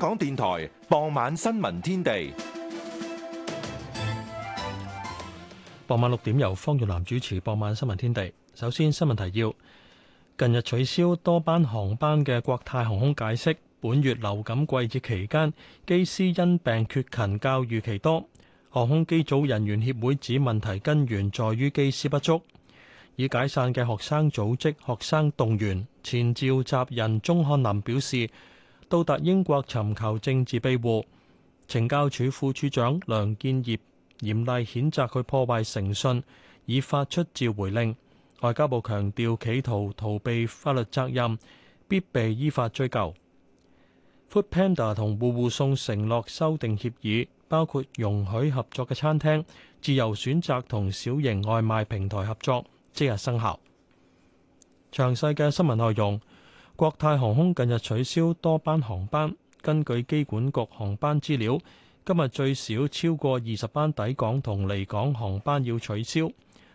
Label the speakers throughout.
Speaker 1: 香港電台傍晚新聞天地，傍晚六點由方玉蘭主持。傍晚新聞天地，首先新聞提要：近日取消多班航班嘅國泰航空解釋，本月流感季節期間，機師因病缺勤較預期多。航空機組人員協會指問題根源在於機師不足。已解散嘅學生組織學生動員前召集人鍾翰林表示，到達英國尋求政治庇護，懲教署副署長梁建業嚴厲譴責佢破壞誠信，已發出召回令。外交部強調企圖逃避法律責任，必被依法追究。Foodpanda 同戶戶送承諾修訂協議，包括容許合作嘅餐廳自由選擇同小型外賣平台合作，即日生效。詳細嘅新聞內容。國泰航空近日取消多班航班。根據機管局航班資料，今日最少超過二十班抵港同離港航班要取消。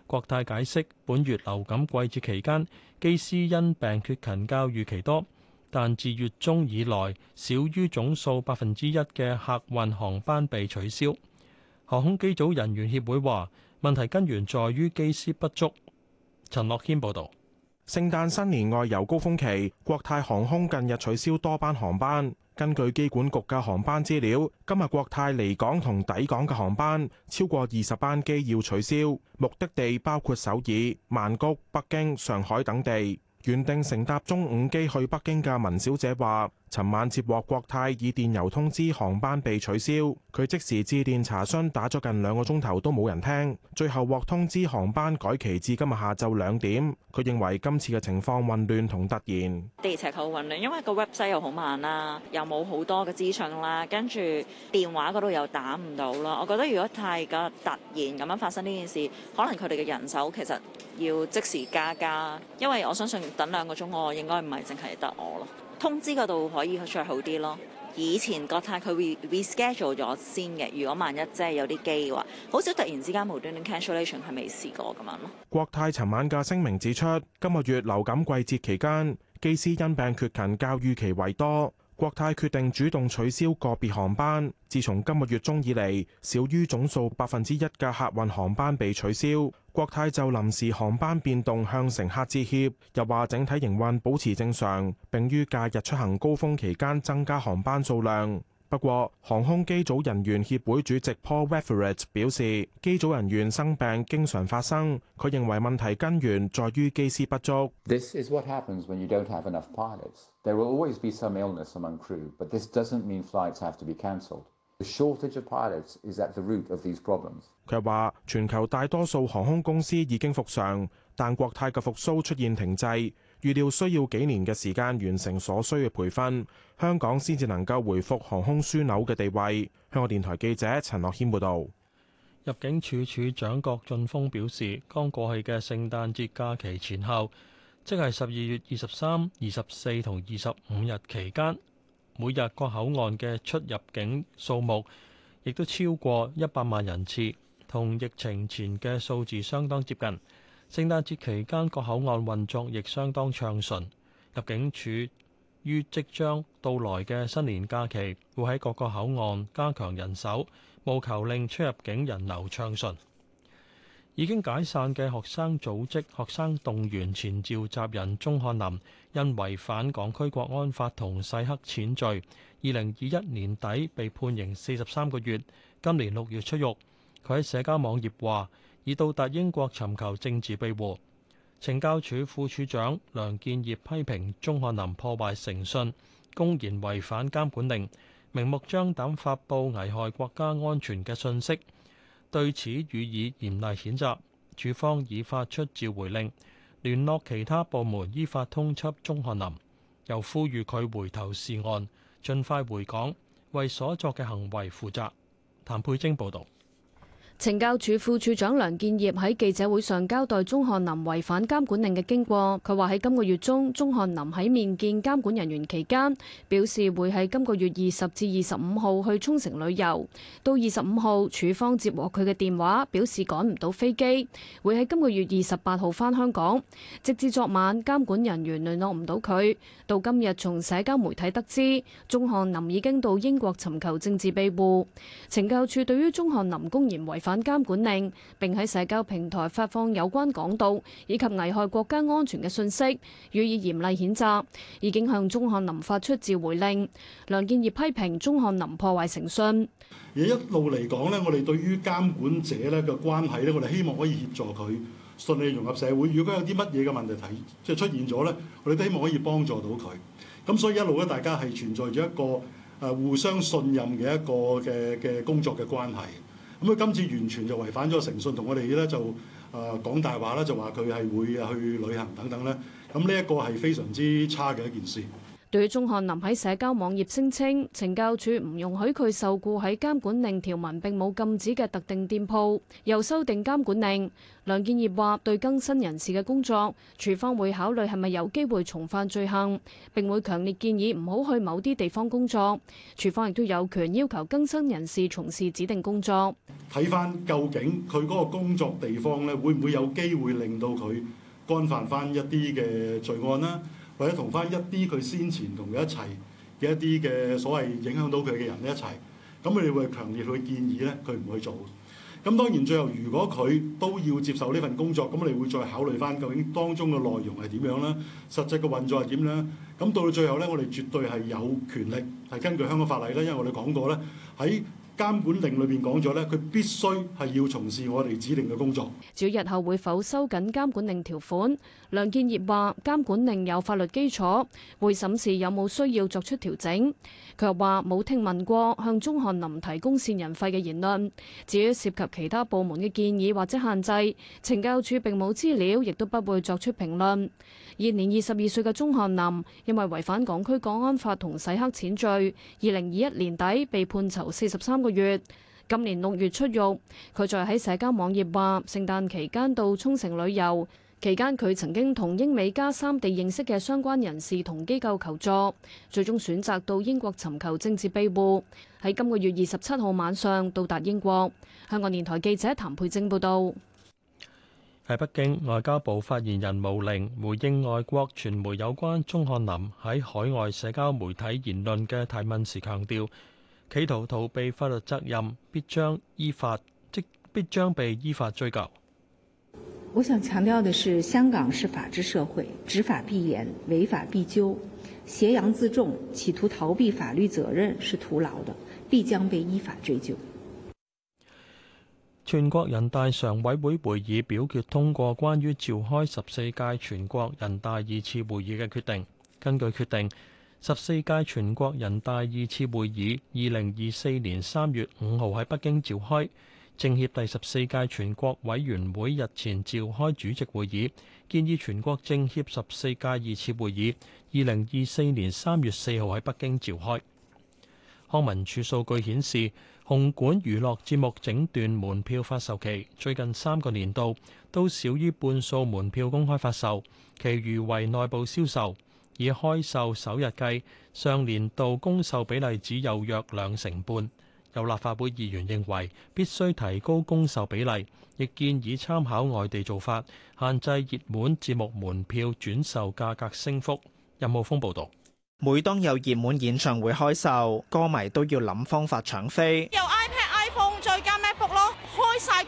Speaker 1: 國泰解釋，本月流感季節期間，機師因病缺勤較預期多，但自月中以來，少於總數百分之一嘅客運航班被取消。航空機組人員協會話，問題根源在於機師不足。陳樂軒報導。
Speaker 2: 聖誕新年外遊高峰期，國泰航空近日取消多班航班。根據機管局嘅航班資料，今日國泰離港同抵港嘅航班超過二十班機要取消，目的地包括首爾、曼谷、北京、上海等地。原定乘搭中午機去北京嘅文小姐話，尋晚接獲國泰以電郵通知航班被取消，佢即時致電查詢，打咗近兩個鐘頭都冇人聽，最後獲通知航班改期至今日下晝兩點。佢認為今次嘅情況混亂同突然，
Speaker 3: 地鐵又好混亂，因為個 website 又好慢啦，又冇好多嘅資訊啦，跟住電話嗰度又打唔到啦。我覺得如果太過突然咁樣發生呢件事，可能佢哋嘅人手其實要即時加價，因為我相信等兩個鐘我應該唔係淨係得我咯。通知嗰度可以再好啲咯。以前國泰佢會會 reschedule 咗先嘅，如果萬一即係有啲機嘅話，好少突然之間無端端 cancellation 係未試過咁樣咯。
Speaker 2: 國泰尋晚嘅聲明指出，今個月流感季節期間，機師因病缺勤較預期為多，國泰決定主動取消個別航班。自從今個月中以嚟，少於總數百分之一嘅客運航班被取消。國泰就臨時航班變動向乘客致歉，又話整體營運保持正常，並於假日出行高峰期間增加航班數量。不過，航空機組人員協會主席 Paul Wetheridge 表示，機組人員生病經常發生，佢認為問題根源在於機師不足。This
Speaker 4: is what
Speaker 2: 佢話：全球大多數航空公司已經復常，但國泰嘅復甦出現停滯，預料需要幾年嘅時間完成所需嘅培訓，香港先至能夠回復航空樞紐嘅地位。香港電台記者陳樂謙報道。入
Speaker 1: 境處處長郭俊峰表示，剛過去嘅聖誕節假期前後，即係十二月二十三、二十四同二十五日期間。每日各口岸嘅出入境數目，亦都超過一百萬人次，同疫情前嘅數字相當接近。聖誕節期間各口岸運作亦相當暢順。入境處於即將到來嘅新年假期，會喺各個口岸加強人手，務求令出入境人流暢順。已經解散嘅學生組織學生動員前召集人鍾漢林因違反港區國安法同洗黑錢罪，二零二一年底被判刑四十三個月，今年六月出獄。佢喺社交網頁話：已到達英國尋求政治庇護。懲教署副署長梁建業批評鍾漢林破壞誠信，公然違反監管令，明目張膽發布危害國家安全嘅信息。對此予以嚴厲譴責，處方已發出召回令，聯絡其他部門依法通緝鍾翰林，又呼籲佢回頭是岸，盡快回港為所作嘅行為負責。譚佩晶報導。
Speaker 5: 懲教署副署長梁建業喺記者會上交代鍾漢林違反監管令嘅經過。佢話喺今個月中，鍾漢林喺面見監管人員期間，表示會喺今個月二十至二十五號去沖繩旅遊。到二十五號，署方接獲佢嘅電話，表示趕唔到飛機，會喺今個月二十八號返香港。直至昨晚，監管人員聯絡唔到佢。到今日，從社交媒體得知，鍾漢林已經到英國尋求政治庇護。懲教署對於鍾漢林公然違反監管令，並喺社交平台發放有關港獨以及危害國家安全嘅信息，予以嚴厲譴責。已經向鍾漢林發出召回令。梁建業批評鍾漢林破壞誠信。
Speaker 6: 而一路嚟講咧，我哋對於監管者咧嘅關係咧，我哋希望可以協助佢順利融入社會。如果有啲乜嘢嘅問題提即係出現咗咧，我哋都希望可以幫助到佢。咁所以一路咧，大家係存在住一個誒互相信任嘅一個嘅嘅工作嘅關係。咁今次完全就違反咗誠信，同我哋咧就誒講大話啦，就話佢係會去旅行等等咧。咁呢一個係非常之差嘅一件事。
Speaker 5: 對於鍾漢林喺社交網頁聲稱，懲教處唔容許佢受雇喺監管令條文並冇禁止嘅特定店鋪，又修訂監管令。梁建業話：對更新人士嘅工作，署方會考慮係咪有機會重犯罪行，並會強烈建議唔好去某啲地方工作。署方亦都有權要求更新人士從事指定工作。
Speaker 6: 睇翻究竟佢嗰個工作地方咧，會唔會有機會令到佢干犯翻一啲嘅罪案呢？或者同翻一啲佢先前同佢一齊嘅一啲嘅所謂影響到佢嘅人一齊，咁佢哋會強烈去建議咧，佢唔去做。咁當然最後如果佢都要接受呢份工作，咁我哋會再考慮翻究竟當中嘅內容係點樣啦，實際嘅運作係點啦。咁到到最後咧，我哋絕對係有權力係根據香港法例咧，因為我哋講過咧喺。監管令裏面講咗咧，佢必須係要從事我哋指定嘅工作。
Speaker 5: 至於日後會否收緊監管令條款，梁建業話監管令有法律基礎，會審視有冇需要作出調整。佢又話冇聽聞過向鍾漢林提供線人費嘅言論。至於涉及其他部門嘅建議或者限制，懲教處並冇資料，亦都不會作出評論。現年二十二歲嘅鍾翰林，因為違反港區國安法同洗黑錢罪，二零二一年底被判囚四十三個月，今年六月出獄。佢再喺社交網頁話：聖誕期間到沖繩旅遊，期間佢曾經同英美加三地認識嘅相關人士同機構求助，最終選擇到英國尋求政治庇護。喺今個月二十七號晚上，到達英國。香港電台記者譚佩晶報導。
Speaker 1: 喺北京外交部發言人毛寧回應外國傳媒有關鍾漢林喺海外社交媒體言論嘅提問時強調企圖逃避法律責任，必將依法，即必將被依法追究。
Speaker 7: 我想強調嘅，是，香港是法治社會，執法必嚴，違法必究，挾洋自重，企圖逃避法律責任是徒勞的，必將被依法追究。
Speaker 1: 全國人大常委會會議表決通過關於召開十四屆全國人大二次會議嘅決定。根據決定，十四屆全國人大二次會議二零二四年三月五號喺北京召開。政協第十四屆全國委員會日前召開主席會議，建議全國政協十四屆二次會議二零二四年三月四號喺北京召開。康文署數據顯示，紅館娛樂節目整段門票發售期最近三個年度都少於半數門票公開發售，其餘為內部銷售。以開售首日計，上年度公售比例只有約兩成半。有立法會議員認為必須提高公售比例，亦建議參考外地做法，限制熱門節目門票轉售價格升幅。任浩峯報導。
Speaker 8: 每當有熱門演唱會開售，歌迷都要諗方法搶飛。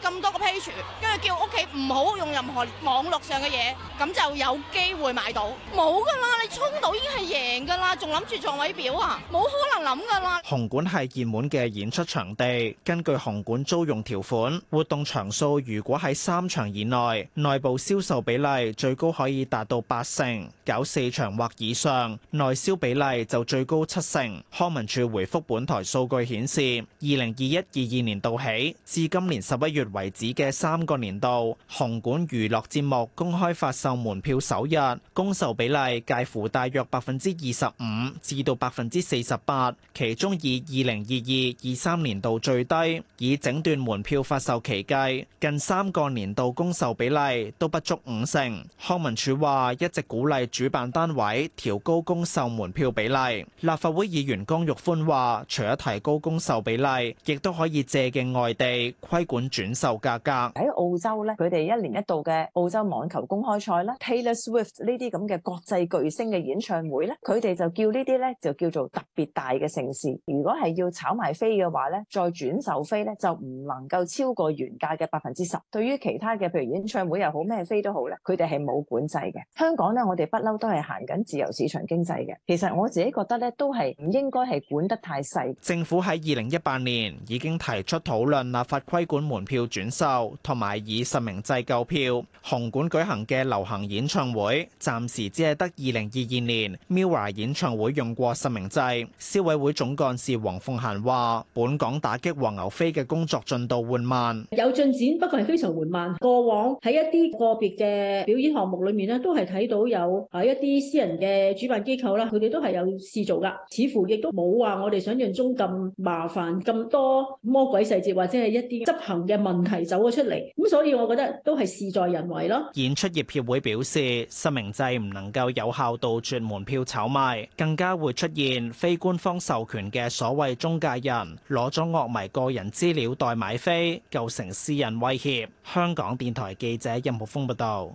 Speaker 3: 咁多個 page，跟住叫屋企唔好用任何網絡上嘅嘢，咁就有機會買到。冇噶啦！你衝到已經係贏噶啦，仲諗住座位表啊？冇可能諗噶啦！
Speaker 8: 紅館係熱門嘅演出場地，根據紅館租用條款，活動場數如果喺三場以內，內部銷售比例最高可以達到八成；搞四場或以上，內銷比例就最高七成。康文署回覆本台數據顯示，二零二一二二年度起至今年十一月，為止嘅三個年度，紅館娛樂節目公開發售門票首日，公售比例介乎大約百分之二十五至到百分之四十八，其中以二零二二、二三年度最低。以整段門票發售期計，近三個年度公售比例都不足五成。康文署話一直鼓勵主辦單位調高公售門票比例。立法會議員江玉歡話，除咗提高公售比例，亦都可以借鑒外地規管轉售，售
Speaker 3: 價。喺澳洲咧，佢哋一年一度嘅澳洲網球公開賽啦，Taylor Swift 呢啲咁嘅國際巨星嘅演唱會咧，佢哋就叫呢啲咧，就叫做特別大嘅城市。如果係要炒埋飛嘅話咧，再轉售飛咧就唔能夠超過原價嘅百分之十。對於其他嘅，譬如演唱會又好，咩飛都好咧，佢哋係冇管制嘅。香港咧，我哋不嬲都係行緊自由市場經濟嘅。其實我自己覺得咧，都係唔應該係管得太細。
Speaker 8: 政府喺二零一八年已經提出討論立法規管門票，轉售同埋以實名制購票，紅館舉行嘅流行演唱會暫時只係得2022年 MIRROR 演唱會用過實名制。消委會總幹事黃鳳嫻話：本港打擊黃牛飛嘅工作進度緩慢，
Speaker 7: 有進展，不過係非常緩慢。過往喺一啲個別嘅表演項目裏面咧，都係睇到有喺一啲私人嘅主辦機構啦，佢哋都係有試做噶，似乎亦都冇話我哋想象中咁麻煩、咁多魔鬼細節或者係一啲執行嘅問係走咗出嚟，咁所以我覺得都係事在人為咯。
Speaker 8: 演出業協會表示，實名制唔能夠有效杜絕門票炒賣，更加會出現非官方授權嘅所謂中介人攞咗樂迷個人資料代買飛，構成私人威
Speaker 1: 脅。香港電台記者任浩峰報道，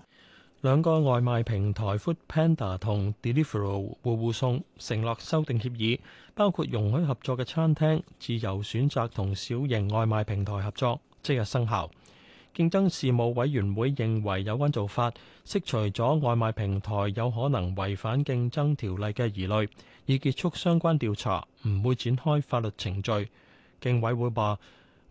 Speaker 1: 兩個外賣平台 Foodpanda 同 Deliveroo 戶戶送承諾修訂協議，包括容許合作嘅餐廳自由選擇同小型外賣平台合作。即日生效。競爭事務委員會認為有關做法釋除咗外賣平台有可能違反競爭條例嘅疑慮，已結束相關調查，唔會展開法律程序。競委會話：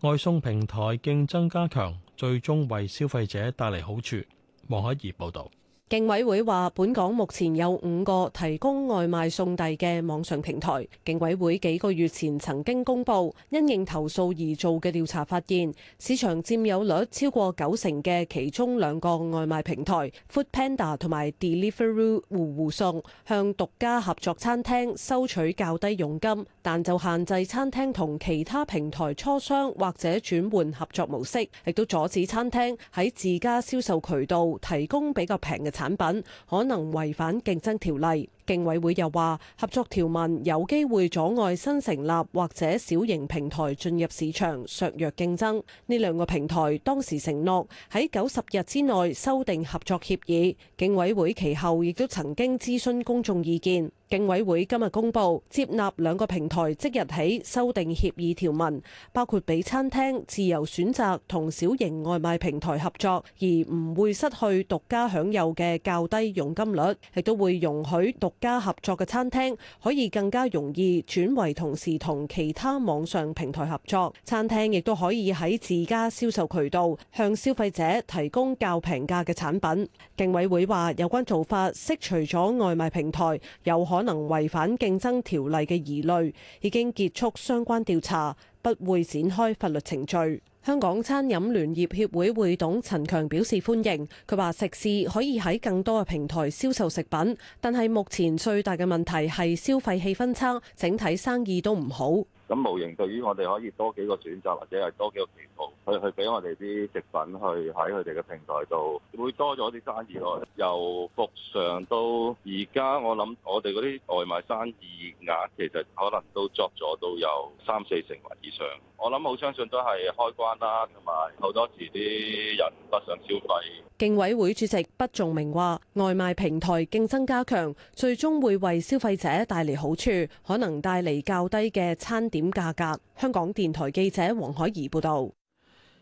Speaker 1: 外送平台競爭加強，最終為消費者帶嚟好處，黃海怡報道。
Speaker 9: 競委會話，本港目前有五個提供外賣送遞嘅網上平台。競委會幾個月前曾經公布，因應投訴而做嘅調查發現，市場佔有率超過九成嘅其中兩個外賣平台 Foodpanda 同埋 Deliveroo 戶戶送，向獨家合作餐廳收取較低佣金，但就限制餐廳同其他平台磋商或者轉換合作模式，亦都阻止餐廳喺自家銷售渠道提供比較平嘅餐。產品可能違反競爭條例。競委會又話，合作條文有機會阻礙新成立或者小型平台進入市場，削弱競爭。呢兩個平台當時承諾喺九十日之內修訂合作協議，競委會其後亦都曾經諮詢公眾意見。競委會今日公布接納兩個平台即日起修訂協議條文，包括俾餐廳自由選擇同小型外賣平台合作，而唔會失去獨家享有嘅較低佣金率，亦都會容許獨。家合作嘅餐廳可以更加容易轉為同時同其他網上平台合作，餐廳亦都可以喺自家銷售渠道向消費者提供較平價嘅產品。競委會話：有關做法釋除咗外賣平台有可能違反競爭條例嘅疑慮，已經結束相關調查，不會展開法律程序。香港餐飲聯業協會會董陳強表示歡迎，佢話食肆可以喺更多嘅平台銷售食品，但係目前最大嘅問題係消費氣氛差，整體生意都唔好。
Speaker 10: 咁無形對於我哋可以多幾個選擇，或者係多幾個渠道，去去俾我哋啲食品去喺佢哋嘅平台度，會多咗啲生意咯。由復常，到而家，我諗我哋嗰啲外賣生意額其實可能都作咗都有三四成或以上。我諗好相信都係開關啦，同埋好多時啲人不想消費。
Speaker 9: 競委會主席畢仲明話外賣平台競爭加強，最終會為消費者帶嚟好處，可能帶嚟較低嘅餐點價格。香港電台記者黃海怡報道。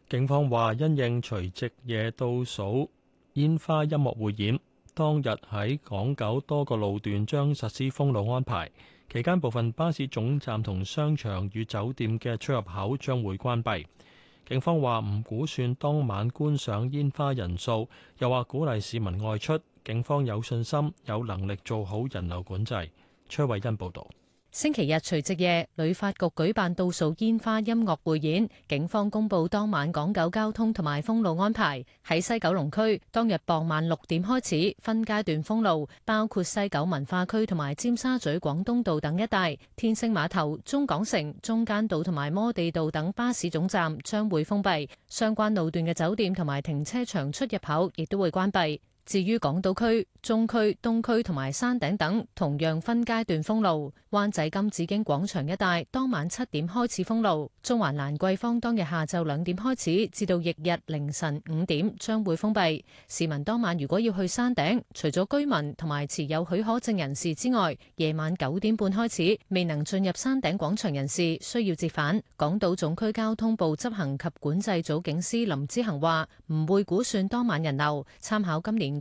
Speaker 1: 警方話，因應除夕夜倒數煙花音樂匯演，當日喺港九多個路段將實施封路安排，期間部分巴士總站同商場與酒店嘅出入口將會關閉。警方話，唔估算當晚觀賞煙花人數，又話鼓勵市民外出。警方有信心有能力做好人流管制。崔慧欣報道。
Speaker 7: 星期日除夕夜，旅發局舉辦倒數煙花音樂匯演。警方公布當晚港九交通同埋封路安排。喺西九龍區，當日傍晚六點開始分階段封路，包括西九文化區同埋尖沙咀廣東道等一帶。天星碼頭、中港城、中間道同埋摩地道等巴士總站將會封閉，相關路段嘅酒店同埋停車場出入口亦都會關閉。至於港島區、中區、東區同埋山頂等，同樣分階段封路。灣仔金紫荊廣場一帶當晚七點開始封路；中環蘭桂坊當日下晝兩點開始，至到翌日凌晨五點將會封閉。市民當晚如果要去山頂，除咗居民同埋持有許可證人士之外，夜晚九點半開始未能進入山頂廣場人士需要折返。港島總區交通部執行及管制組警司林之恒話：唔會估算當晚人流，參考今年。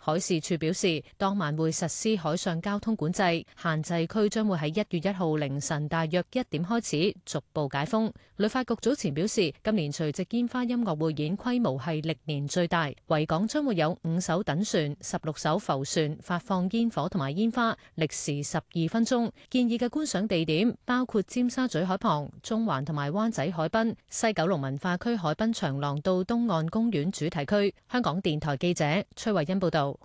Speaker 1: 海事
Speaker 7: 處表示，當晚會實施海上交通管制，限制區將會喺一月一號凌晨大約一點開始逐步解封。旅發局早前表示，今年除夕煙花音樂匯演規模係歷年最大，維港將會有五艘躉船、十六艘浮船發放煙火同埋煙花，歷時十二分鐘。建議嘅觀賞地點包括尖沙咀海旁、中環同埋灣仔海濱、西九龍文化區海濱長廊到東岸公園主題區。香港電台記者崔慧恩報導。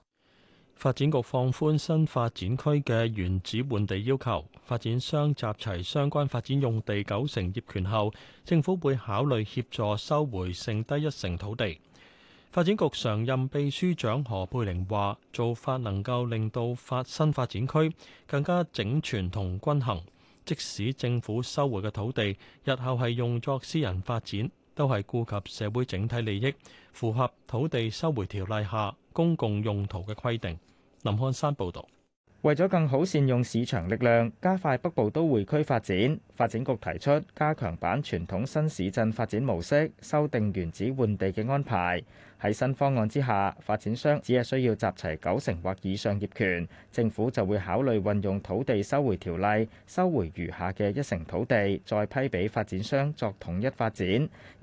Speaker 1: 發展局放寬新發展區嘅原址換地要求，發展商集齊相關發展用地九成業權後，政府會考慮協助收回剩低一成土地。發展局常任秘書長何佩玲話，做法能夠令到發新發展區更加整全同均衡。即使政府收回嘅土地，日後係用作私人發展，都係顧及社會整體利益，符合土地收回條例下公共用途嘅規定。林漢山報導，
Speaker 11: 為咗更好善用市場力量，加快北部都會區發展，發展局提出加強版傳統新市鎮發展模式，修訂原址換地嘅安排。喺新方案之下，發展商只係需要集齊九成或以上業權，政府就會考慮運用土地收回條例，收回餘下嘅一成土地，再批俾發展商作統一發展，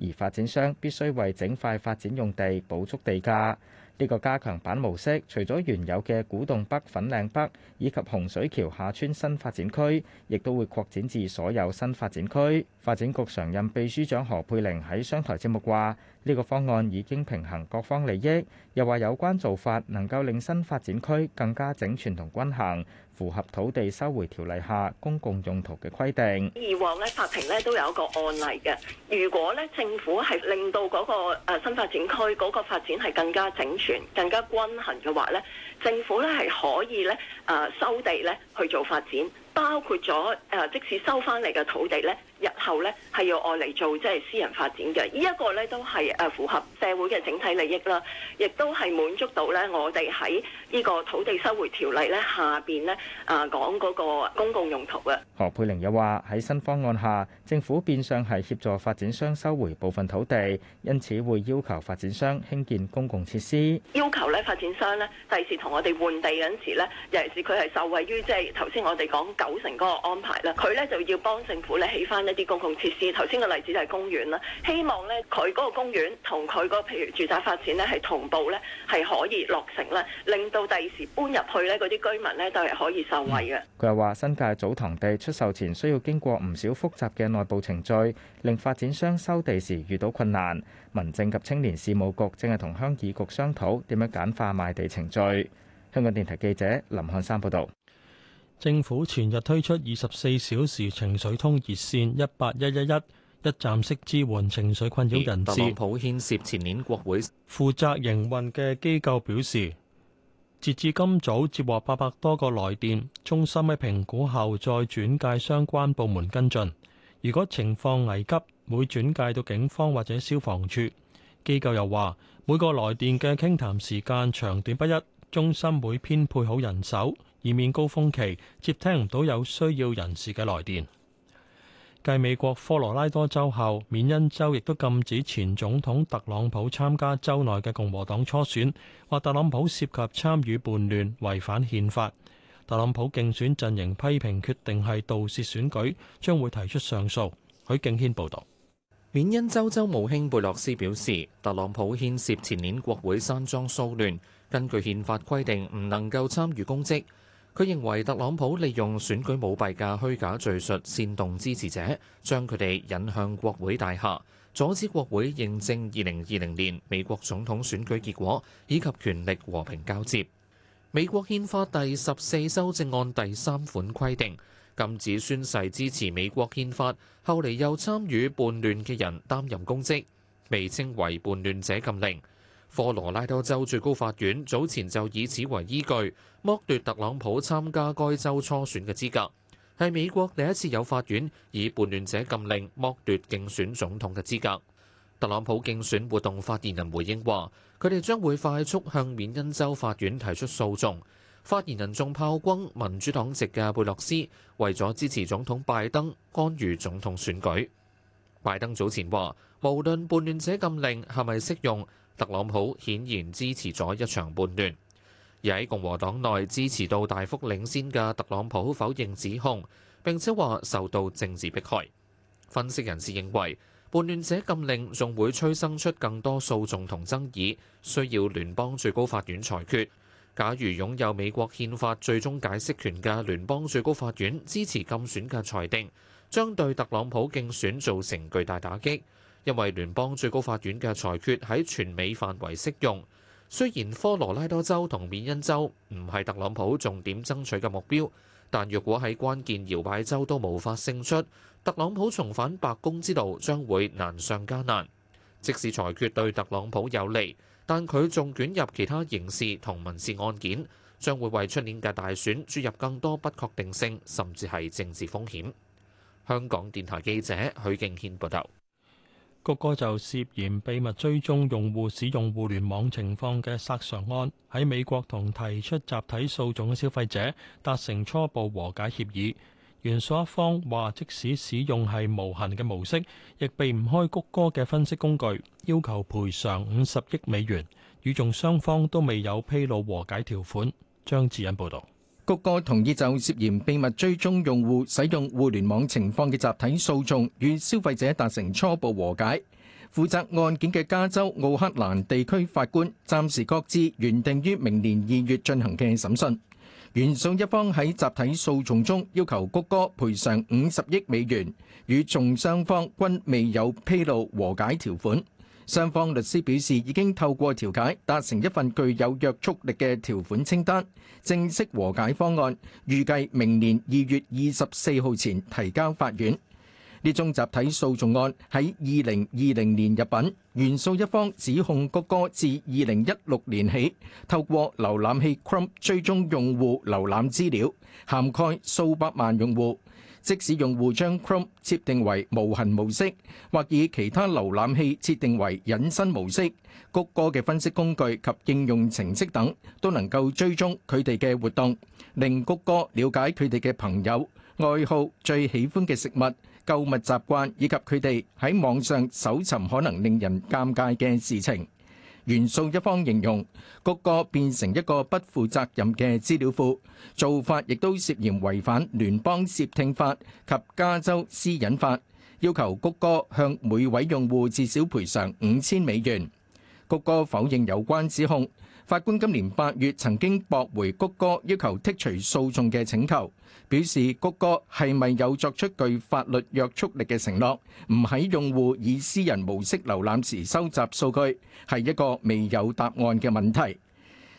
Speaker 11: 而發展商必須為整塊發展用地補足地價。呢個加強版模式，除咗原有嘅古洞北、粉嶺北以及洪水橋下村新發展區，亦都會擴展至所有新發展區。發展局常任秘書長何佩玲喺商台節目話：呢、這個方案已經平衡各方利益，又話有關做法能夠令新發展區更加整全同均衡。符合土地收回條例下公共用途嘅規定。
Speaker 3: 以往咧，法庭咧都有一個案例嘅。如果咧政府係令到嗰、那個誒、呃、新發展區嗰個發展係更加整全、更加均衡嘅話，咧，政府咧係可以咧誒、呃、收地咧去做發展。包括咗誒，即使收翻嚟嘅土地咧，日後咧係要愛嚟做即係私人發展嘅，呢一個咧都係誒符合社會嘅整體利益啦，亦都係滿足到咧我哋喺呢個土地收回條例咧下邊咧啊講嗰個公共用途嘅。
Speaker 11: 何佩玲又話喺新方案下，政府變相係協助發展商收回部分土地，因此會要求發展商興建公共設施。
Speaker 3: 要求咧發展商咧，第時同我哋換地嗰陣時咧，尤其是佢係受惠於即係頭先我哋講。組成嗰個安排啦，佢咧就要幫政府咧起翻一啲公共設施。頭先個例子就係公園啦，希望咧佢嗰個公園同佢嗰個譬如住宅發展咧係同步咧係可以落成啦，令到第時搬入去咧嗰啲居民咧都係可以受惠
Speaker 11: 嘅。佢又話：新界祖堂地出售前需要經過唔少複雜嘅內部程序，令發展商收地時遇到困難。民政及青年事務局正係同鄉議局商討點樣簡化賣地程序。香港電台記者林漢山報道。
Speaker 1: 政府前日推出二十四小時情緒通熱線一八一一一，一站式支援情緒困擾人士。抱朗牽涉前年國會負責營運嘅機構表示，截至今早接獲八百多個來電，中心喺評估後再轉介相關部門跟進。如果情況危急，會轉介到警方或者消防處。機構又話，每個來電嘅傾談，談時間長短不一，中心會編配好人手。以免高峰期接聽唔到有需要人士嘅來電。繼美國科羅拉多州後，緬因州亦都禁止前總統特朗普參加州內嘅共和黨初選，話特朗普涉及參與叛亂違反憲法。特朗普競選陣營批評決定係盜竊選舉，將會提出上訴。許敬軒報道。緬因州州務卿貝洛
Speaker 4: 斯表示，特朗普牽涉前年國會山莊騷亂，根據憲法規定，唔能夠參與公職。佢認為特朗普利用選舉舞弊嘅虛假敘述煽動支持者，將佢哋引向國會大廈，阻止國會認證二零二零年美國總統選舉結果以及權力和平交接。美國憲法第十四修正案第三款規定，禁止宣誓支持美國憲法，後嚟又參與叛亂嘅人擔任公職，被稱為叛亂者禁令。科羅拉多州最高法院早前就以此為依據，剝奪特朗普參加該州初選嘅資格，係美國第一次有法院以叛亂者禁令剝奪競選總統嘅資格。特朗普競選活動發言人回應話，佢哋將會快速向緬因州法院提出訴訟。發言人仲炮轟民主黨籍嘅貝洛斯，為咗支持總統拜登，干預總統選舉。拜登早前話，無論叛亂者禁令係咪適用，特朗普顯然支持咗一場叛亂，而喺共和黨內支持到大幅領先嘅特朗普否認指控，並且話受到政治迫害。分析人士認為，叛亂者禁令仲會催生出更多訴訟同爭議，需要聯邦最高法院裁決。假如擁有美國憲法最終解釋權嘅聯邦最高法院支持禁選嘅裁定，將對特朗普競選造成巨大打擊。因為聯邦最高法院嘅裁決喺全美範圍適用，雖然科羅拉多州同緬因州唔係特朗普重點爭取嘅目標，但若果喺關鍵搖擺州都無法勝出，特朗普重返白宮之路將會難上加難。即使裁決對特朗普有利，但佢仲捲入其他刑事同民事案件，將會為出年嘅大選注入更多不確定性，甚至係政治風險。香港電台記者許敬軒報道。
Speaker 1: 谷歌就涉嫌秘密追蹤用戶使用互聯網情況嘅索償案，喺美國同提出集體訴訟嘅消費者達成初步和解協議。原訴一方話，即使使用係無痕嘅模式，亦避唔開谷歌嘅分析工具，要求賠償五十億美元。與訟雙方都未有披露和解條款。張志恩報道。
Speaker 12: 谷歌同意就涉嫌秘密追蹤用戶使用互聯網情況嘅集體訴訟與消費者達成初步和解。負責案件嘅加州奧克蘭地區法官暫時擱置原定於明年二月進行嘅審訊。原訟一方喺集體訴訟中要求谷歌賠償五十億美元，與訟雙方均未有披露和解條款。雙方律師表示，已經透過調解達成一份具有約束力嘅條款清單，正式和解方案預計明年二月二十四號前提交法院。呢宗集體訴訟案喺二零二零年入稟，原訴一方指控谷歌自二零一六年起透過瀏覽器 Chrome 追蹤用戶瀏覽資料，涵蓋數百萬用戶。，即使用戶將 Chrome 設定為無痕模式，或以其他瀏覽器設定為隱身模式，谷歌嘅分析工具及應用程式等都能夠追蹤佢哋嘅活動，令谷歌了解佢哋嘅朋友、愛好、最喜歡嘅食物、購物習慣，以及佢哋喺網上搜尋可能令人尷尬嘅事情。元素一方形容谷歌變成一個不負責任嘅資料庫，做法亦都涉嫌違反聯邦竊聽法及加州私隱法，要求谷歌向每位用戶至少賠償五千美元。谷歌否認有關指控。法官今年八月曾經駁回谷歌要求剔除訴訟嘅請求，表示谷歌係咪有作出具法律約束力嘅承諾，唔喺用戶以私人模式瀏覽時收集數據，係一個未有答案嘅問題。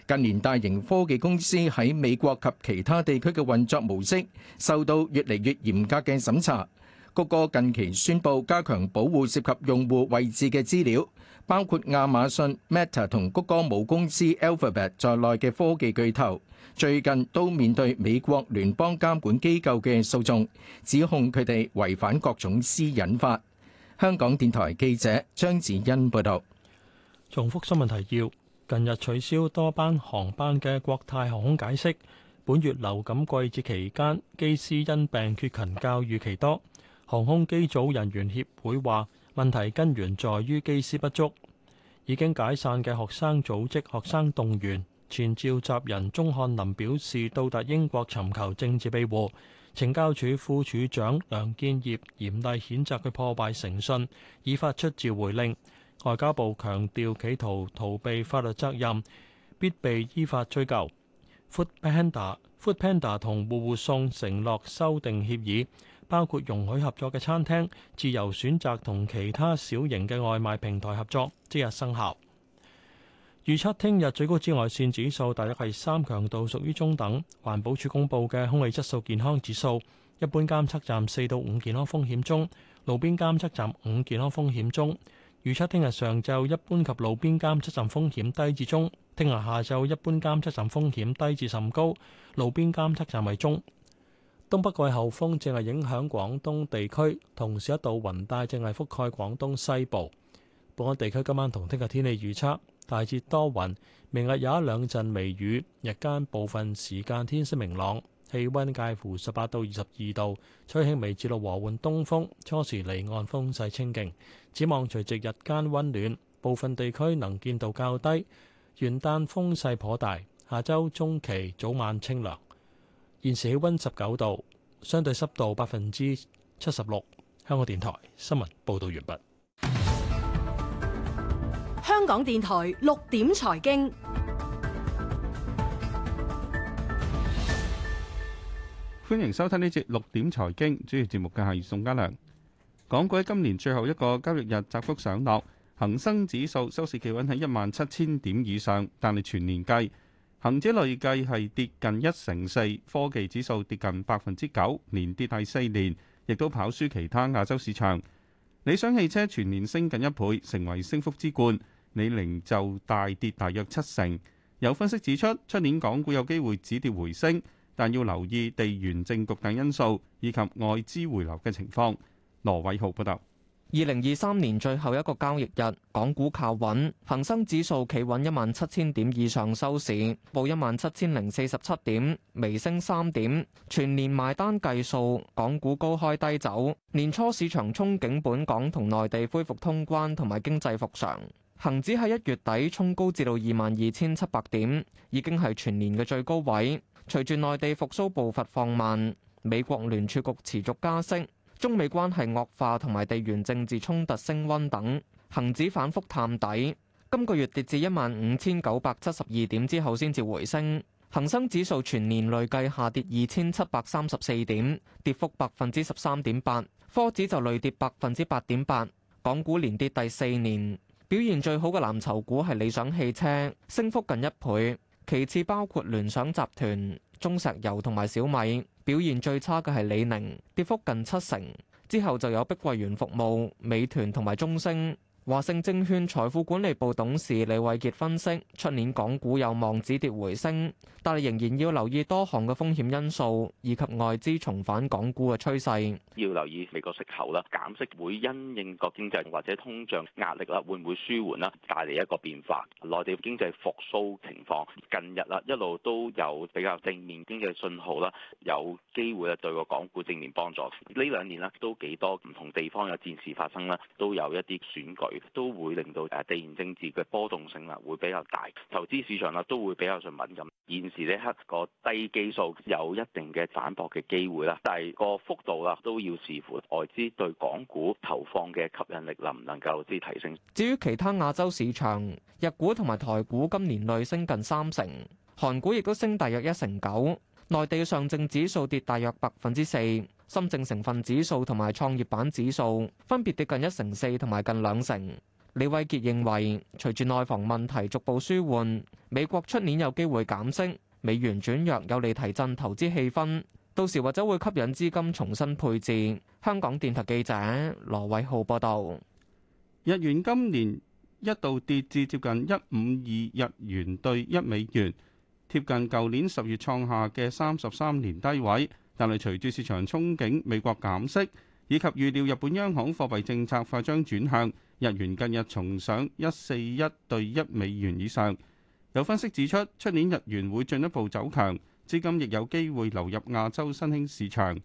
Speaker 12: 近年大型科技公司喺美國及其他地區嘅運作模式，受到越嚟越嚴格嘅審查。谷歌近期宣布加強保護涉及用戶位置嘅資料，包括亞馬遜、Meta 同谷歌母公司 Alphabet 在內嘅科技巨頭，最近都面對美國聯邦監管機構嘅訴訟，指控佢哋違反各種私隱法。香港電台記者張子欣報道。
Speaker 1: 重複新聞提要：近日取消多班航班嘅國泰航空解釋，本月流感季節期間機師因病缺勤較預期多。航空機組人員協會話：問題根源在於機師不足。已經解散嘅學生組織學生動員前召集人鍾漢林表示，到達英國尋求政治庇護。懲教署副署長梁建業嚴厲譴責佢破壞誠信，已發出召回令。外交部強調，企圖逃避法律責任，必被依法追究。Foodpanda、Foodpanda 同戶戶送承諾修訂協議。包括容許合作嘅餐廳，自由選擇同其他小型嘅外賣平台合作，即日生效。預測聽日最高紫外線指數大約係三強度，屬於中等。環保署公布嘅空氣質素健康指數，一般監測站四到五健康風險中，路邊監測站五健康風險中。預測聽日上晝一般及路邊監測站風險低至中，聽日下晝一般監測站風險低至甚高，路邊監測站為中。東北季候風正係影響廣東地區，同時一道雲帶正係覆蓋廣東西部。本港地區今晚同聽日天氣預測大致多雲，明日有一兩陣微雨，日間部分時間天色明朗，氣温介乎十八到二十二度，吹輕微至到和緩東風，初時離岸風勢清勁。展望隨即日間温暖，部分地區能見度較低，元旦風勢頗大。下周中期早晚清涼。現時氣溫十九度，相對濕度百分之七十六。香港電台新聞報道完畢。
Speaker 3: 香港電台六點財經，
Speaker 10: 歡迎收聽呢節六點財經。主要節目嘅係宋家良。港股喺今年最後一個交易日，窄幅上落，恒生指數收市企穩喺一萬七千點以上，但係全年計，恒指累計係跌近一成四，科技指數跌近百分之九，連跌第四年，亦都跑輸其他亞洲市場。理想汽車全年升近一倍，成為升幅之冠。李寧就大跌大約七成。有分析指出，出年港股有機會止跌回升，但要留意地緣政局等因素以及外資回流嘅情況。羅偉豪報道。二零二三年最後一個交易日，港股
Speaker 13: 靠穩，恒生指數企穩一萬七千點以上收市，報一萬七千零四十七點，微升三點。全年埋單計數，港股高開低走。年初市場憧憬本港同內地恢復通關同埋經濟復常，恒指喺一月底衝高至到二萬二千七百點，已經係全年嘅最高位。隨住內地復甦步伐放慢，美國聯儲局持續加息。中美關係惡化同埋地緣政治衝突升溫等，恒指反覆探底，今個月跌至一萬五千九百七十二點之後先至回升。恒生指數全年累計下跌二千七百三十四點，跌幅百分之十三點八。科指就累跌百分之八點八，港股連跌第四年，表現最好嘅藍籌股係理想汽車，升幅近一倍，其次包括聯想集團、中石油同埋小米。表現最差嘅係李寧，跌幅近七成。之後就有碧桂園服務、美團同埋中升。華盛證券財富管理部董事李慧杰分析，出年港股有望止跌回升，但係仍然要留意多項嘅風險因素，以及外資重返港股嘅趨勢。
Speaker 10: 要留意美國息口啦，減息會因應個經濟或者通脹壓力啦，會唔會舒緩啦，帶嚟一個變化。內地經濟復甦情況近日啦，一路都有比較正面經濟嘅信號啦，有機會咧對個港股正面幫助。呢兩年咧都幾多唔同地方嘅戰事發生啦，都有一啲選舉。都會令到誒地緣政治嘅波動性啦，會比較大，投資市場啦都會比較上敏感。現時呢刻個低基數有一定嘅反博嘅機會啦，但係個幅度啦都要視乎外資對港股投放嘅吸引力能唔能夠之提升。
Speaker 13: 至於其他亞洲市場，日股同埋台股今年累升近三成，韓股亦都升大約一成九。內地上證指數跌大約百分之四，深證成分指數同埋創業板指數分別跌近一成四同埋近兩成。李偉傑認為，隨住內房問題逐步舒緩，美國出年有機會減息，美元轉弱有利提振投資氣氛，到時或者會吸引資金重新配置。香港電台記者羅偉浩報道。
Speaker 10: 日元今年一度跌至接近一五二日元對一美元。貼近舊年十月創下嘅三十三年低位，但係隨住市場憧憬美國減息，以及預料日本央行貨幣政策快將轉向，日元近日重上一四一對一美元以上。有分析指出，出年日元會進一步走強，資金亦有機會流入亞洲新興市場。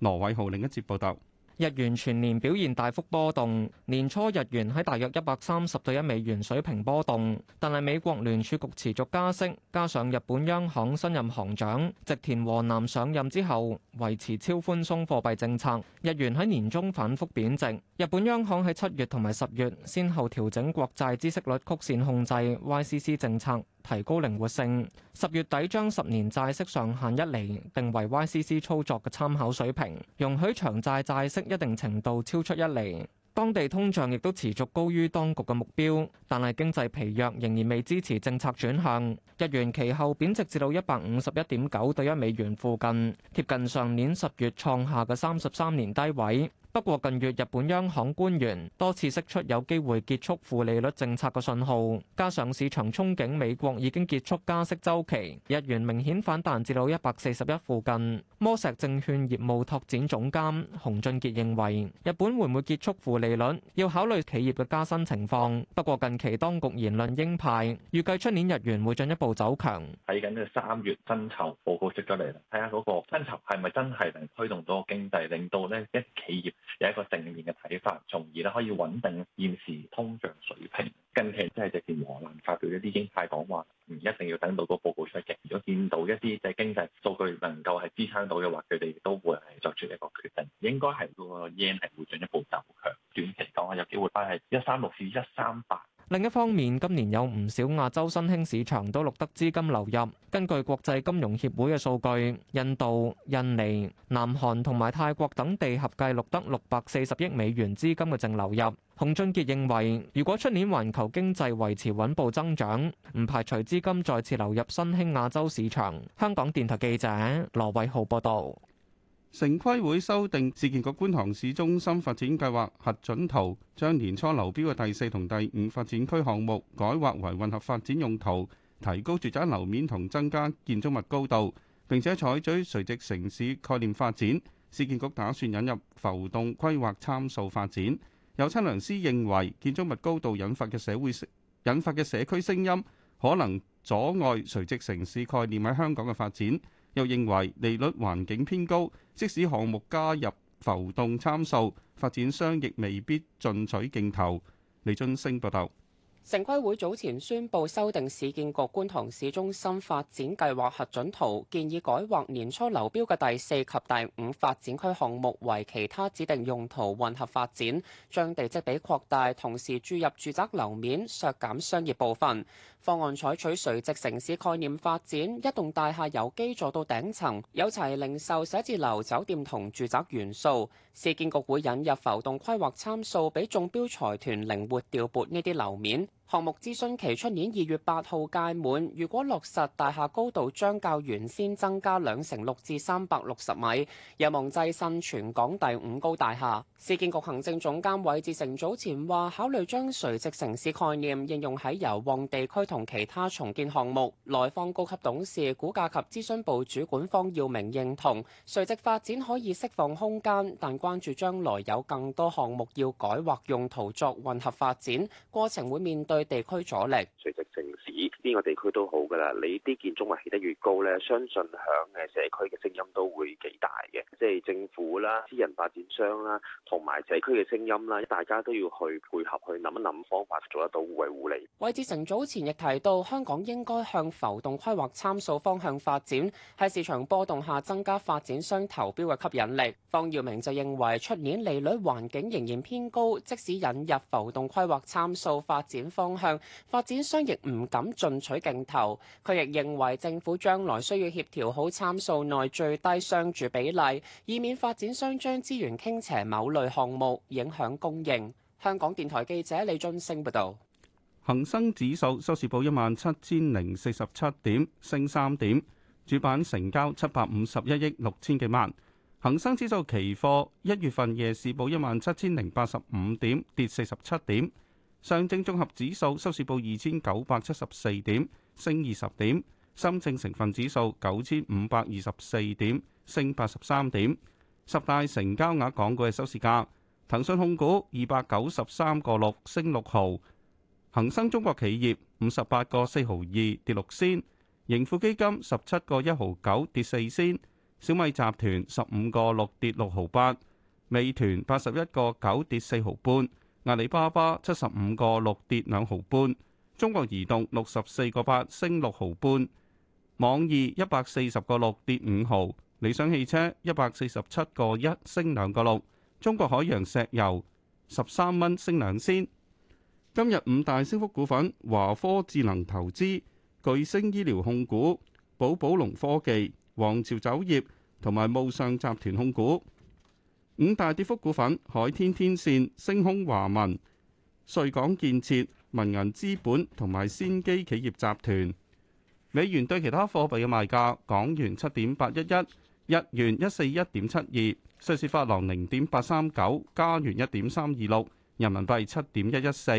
Speaker 10: 羅偉豪另一節報道。日元全年表現大幅波動，年初日元喺大約一百三十對一美
Speaker 13: 元水平波動，但係美國聯儲局持續加息，加上日本央行新任行長植田和男上任之後維持超寬鬆貨幣政策，日元喺年中反覆貶值日本央行喺七月同埋十月，先後調整國債孳息率曲線控制 YCC 政策。提高靈活性，十月底將十年債息上限一厘定為 YCC 操作嘅參考水平，容許長債債息一定程度超出一厘，當地通脹亦都持續高於當局嘅目標，但係經濟疲弱仍然未支持政策轉向。日元其後貶值至到一百五十一點九兌一美元附近，貼近上年十月創下嘅三十三年低位。不過近月日本央行官員多次釋出有機會結束負利率政策嘅信號，加上市場憧憬美國已經結束加息週期，日元明顯反彈至到一百四十一附近。魔石證券業務拓展總監洪俊傑認為，日本會唔會結束負利率，要考慮企業嘅加薪情況。不過近期當局言論鷹派，預計出年日元會進一步走強。
Speaker 1: 睇緊嘅三月薪酬報告出咗嚟啦，睇下嗰個薪酬係咪真係能推動到經濟，令到呢一企
Speaker 10: 業。有一個正面嘅睇法，從而咧可以穩定現時通脹水平。近期即係只接黃蘭發表一啲鷹派講話，唔一定要等到個報告出嘅。如果見到一啲即係經濟數據能夠係支撐到嘅話，佢哋都會係作出一個決定。應該係
Speaker 1: 個 yen 係會進一步走強。短期嚟講，有機會翻係一三六至一三八。
Speaker 10: 另
Speaker 13: 一方面，今年有唔少亞洲新興市場都錄得資金流入。根據國際金融協會嘅數據，印度、印尼、南韓同埋泰國等地合計錄得六百四十億美元資金嘅淨流入。洪俊杰認為，如果出年環球經濟維持穩步增長，唔排除資金再次流入新興亞洲市場。
Speaker 10: 香港電台記者羅偉豪報道。城規會修訂市建局觀塘市中心發展計劃核准圖，將年初流標嘅第四同第五發展區項目改劃為混合發展用途，提高住宅樓面同增加建築物高度，並且採取垂直城市概念發展。市建局打算引入浮動規劃參數發展。有測量師認為建築物高度引發嘅社會引發嘅社區聲音，可能阻礙垂直城市概念喺香港嘅發展。又認為利率環境偏高。即使項目加入浮動參數，發展商亦未必進取競投。李俊星報道，
Speaker 14: 城規會早前宣布修訂市建局觀塘市中心發展計劃核准圖，建議改劃年初流標嘅第四及第五發展區項目為其他指定用途混合發展，將地積比擴大，同時注入住宅樓面，削減商業部分。方案採取垂直城市概念發展，一棟大廈由基座到頂層，有齊零售、寫字樓、酒店同住宅元素。市建局會引入浮動規劃參數，俾中標財團靈活調撥呢啲樓面。項目諮詢期出年二月八號屆滿，如果落實，大廈高度將較原先增加兩成六至三百六十米，有望躋身全港第五高大廈。市建局行政總監韋志成早前話考慮將垂直城市概念應用喺油旺地區同其他重建項目。萊坊高級董事、估價及諮詢部主管方耀明認同，垂直發展可以釋放空間，但關注將來有更多項目要改劃用途作混合發展，過程會面對。地區阻力，隨直城
Speaker 1: 市邊個地區都好噶啦。你啲建築物起得越高咧，相信響誒社區嘅聲音都會幾大嘅，即係政府啦、私人發展商啦，同埋社區嘅聲音啦，大家都要去配合去諗一諗方法，做得到互惠互
Speaker 14: 利。韋志成早前亦提到，香港應該向浮動規劃參數方向發展，喺市場波動下增加發展商投標嘅吸引力。方耀明就認為，出年利率環境仍然偏高，即使引入浮動規劃參數發展方向發展商亦唔敢進取競投。佢亦認為政府將來需要協調好參數內最低商住比例，以免發展商將資源傾斜某類項目，影響供應。香港電台記者李俊升報導。
Speaker 10: 恒生指數收市報一萬七千零四十七點，升三點。主板成交七百五十一億六千幾萬。恒生指數期貨一月份夜市報一萬七千零八十五點，跌四十七點。上證綜合指數收市報二千九百七十四點，升二十點；深證成分指數九千五百二十四點，升八十三點。十大成交額港股嘅收市價：騰訊控股二百九十三個六，升六毫；恒生中國企業五十八個四毫二，跌六仙；盈富基金十七個一毫九，跌四仙；小米集團十五個六，跌六毫八；美團八十一個九，跌四毫半。阿里巴巴七十五個六，跌兩毫半，中國移動六十四個八，升六毫半，網易一百四十個六，跌五毫，理想汽車一百四十七個一，升兩個六，中國海洋石油十三蚊，升兩仙。今日五大升幅股份：華科智能投資、巨星醫療控股、寶寶龍科技、皇朝酒業同埋慕尚集團控股。五大跌幅股份：海天天線、星空華文、瑞港建設、民銀資本同埋先機企業集團。美元對其他貨幣嘅賣價：港元七點八一一，日元一四一點七二，瑞士法郎零點八三九，加元一點三二六，人民幣七點一一四，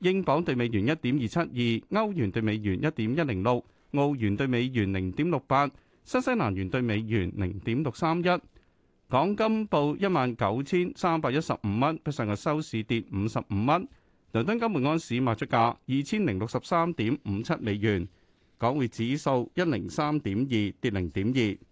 Speaker 10: 英鎊對美元一點二七二，歐元對美元一點一零六，澳元對美元零點六八，新西蘭元對美元零點六三一。港金報一萬九千三百一十五蚊，比上日收市跌五十五蚊。倫敦金每安士賣出價二千零六十三點五七美元，港匯指數一零三點二跌零點二。